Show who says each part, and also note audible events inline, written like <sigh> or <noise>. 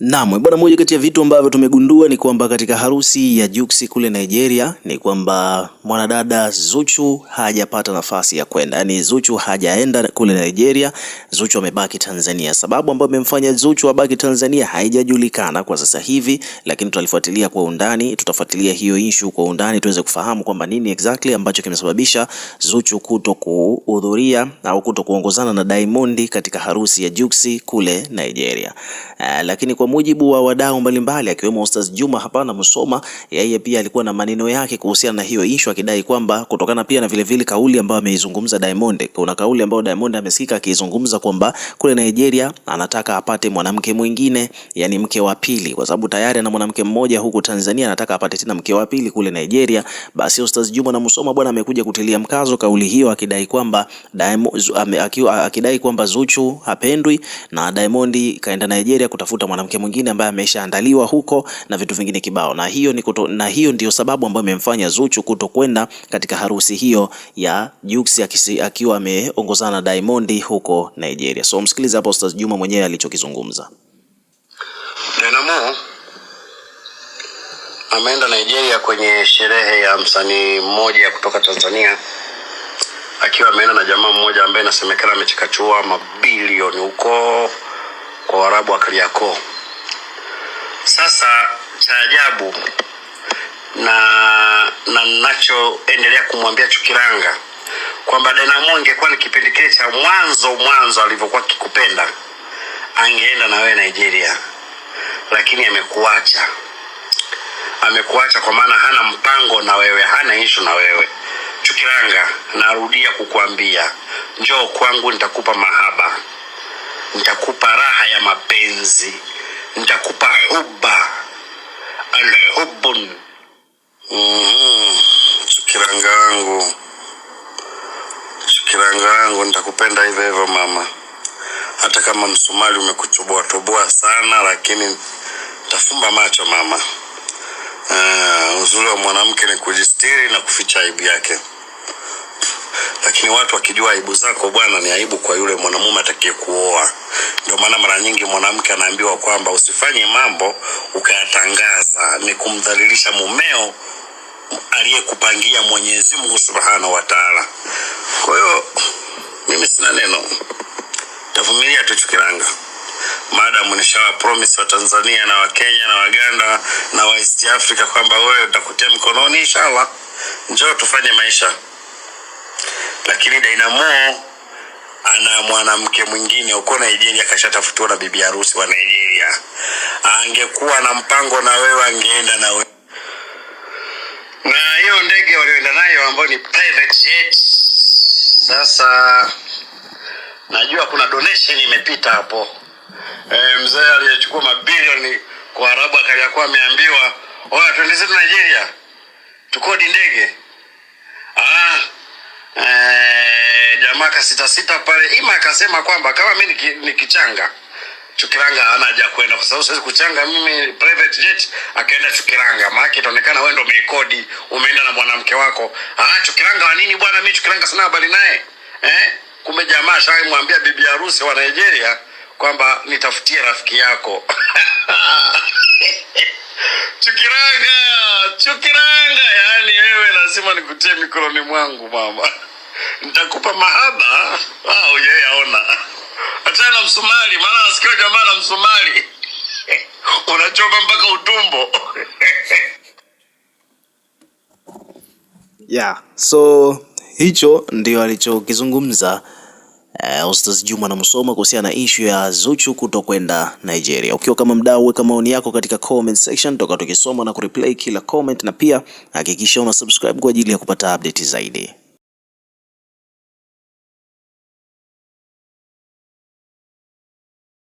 Speaker 1: Naam, e bwana, moja kati ya vitu ambavyo tumegundua ni kwamba katika harusi ya Jux kule Nigeria ni kwamba mwanadada Zuchu hajapata nafasi ya kwenda, yaani Zuchu hajaenda kule Nigeria. Zuchu amebaki Tanzania. Sababu ambayo imemfanya Zuchu abaki Tanzania haijajulikana kwa sasa hivi, lakini tutalifuatilia kwa undani, tutafuatilia hiyo issue kwa undani tuweze kufahamu kwamba nini exactly ambacho kimesababisha Zuchu kuto kuhudhuria au kuto kuongozana na Diamond katika harusi ya Jux kule Nigeria. Uh, lakini kwa kwa mujibu wa wadau mbalimbali akiwemo Ustaz Juma hapa na Musoma, yeye pia alikuwa na maneno yake kuhusiana na hiyo issue akidai kwamba kutokana pia na vilevile kauli ambayo ameizungumza Diamond. Kuna kauli ambayo Diamond amesikika akizungumza kwamba kule Nigeria anataka apate mwanamke mwingine, yani mke wa pili, kwa sababu tayari ana mwanamke mmoja huku Tanzania, anataka apate tena mke wa pili kule Nigeria. Basi Ustaz Juma na Musoma bwana amekuja kutilia mkazo kauli hiyo, akidai kwamba Diamond, akidai kwamba Zuchu hapendwi na Diamond kaenda Nigeria kutafuta mwanamke mwanamke mwingine ambaye ameshaandaliwa huko na vitu vingine kibao, na hiyo ni kuto, na hiyo ndio sababu ambayo imemfanya Zuchu kutokwenda katika harusi hiyo ya Jux akiwa ameongozana na Diamond huko Nigeria. So msikilize hapo Ustaz Juma mwenyewe alichokizungumza.
Speaker 2: Dynamo ameenda Nigeria kwenye sherehe ya msanii mmoja kutoka Tanzania akiwa ameenda na jamaa mmoja ambaye inasemekana amechikachua mabilioni huko kwa Waarabu wa Kariakoo. Sasa cha ajabu na na ninachoendelea kumwambia Chukiranga kwamba Danamo ingekuwa ni kipindi kile cha mwanzo mwanzo alivyokuwa kikupenda, angeenda na wewe Nigeria, lakini amekuacha. Amekuacha kwa maana hana mpango na wewe, hana issue na wewe. Chukiranga, narudia kukuambia, njoo kwangu, nitakupa mahaba, nitakupa raha ya mapenzi nitakupa huba alhubun.
Speaker 3: Mm-hmm. wangu, wangu, nitakupenda hivyo hivyo mama, hata kama msumali umekuchoboa toboa sana, lakini tafumba macho mama. Uh, uzuri wa mwanamke ni kujistiri na kuficha aibu yake lakini watu wakijua aibu zako bwana, ni aibu kwa yule mwanamume atakaye kuoa. Ndio maana mara nyingi mwanamke anaambiwa kwamba usifanye mambo ukayatangaza, ni kumdhalilisha mumeo aliyekupangia Mwenyezi Mungu Subhanahu wa Ta'ala. Kwa hiyo mimi sina neno, tavumilia tuchukiranga Chukilanga Madam, nishawa promise wa Tanzania na Wakenya na Waganda na wa East Africa kwamba wewe utakutia mkononi, inshallah. Njoo tufanye maisha lakini Dynamo ana mwanamke mwingine huko Nigeria, kashatafutiwa na bibi harusi wa Nigeria. Angekuwa na mpango na wewe, angeenda na wewe. Na hiyo ndege walioenda nayo ambayo ni private jet. Sasa najua kuna donation imepita hapo. E, mzee aliyechukua mabilioni kwa Arabu akaliakuwa ameambiwa oya, tuendeze Nigeria tukodi ndege jamaa sita sita pale, ima akasema kwamba kama mi nikichanga niki Chukiranga ana haja kwenda kwa sababu siwezi kuchanga mimi private jet, akaenda Chukiranga, maana itaonekana wewe ndio umeikodi, umeenda na mwanamke wako. Ah, Chukiranga wa nini bwana? Mimi Chukiranga sana habari naye eh. Kumbe jamaa shaimwambia bibi harusi wa Nigeria kwamba nitafutie rafiki yako <laughs> Chukiranga, Chukiranga, yani wewe lazima nikutie mikononi mwangu mama nitakupa mahaba ah, oh, yeye aona hata na msumari, maana nasikia jamaa na msumari <laughs> unachoma mpaka utumbo
Speaker 1: <laughs> yeah, so hicho ndio alichokizungumza Uh, Ustaz Juma na Musoma kuhusiana na ishu ya Zuchu kutokwenda Nigeria. Ukiwa kama mdau, weka maoni yako katika comment section, toka tukisoma na kureplay kila comment, na pia hakikisha una subscribe kwa ajili ya kupata update zaidi.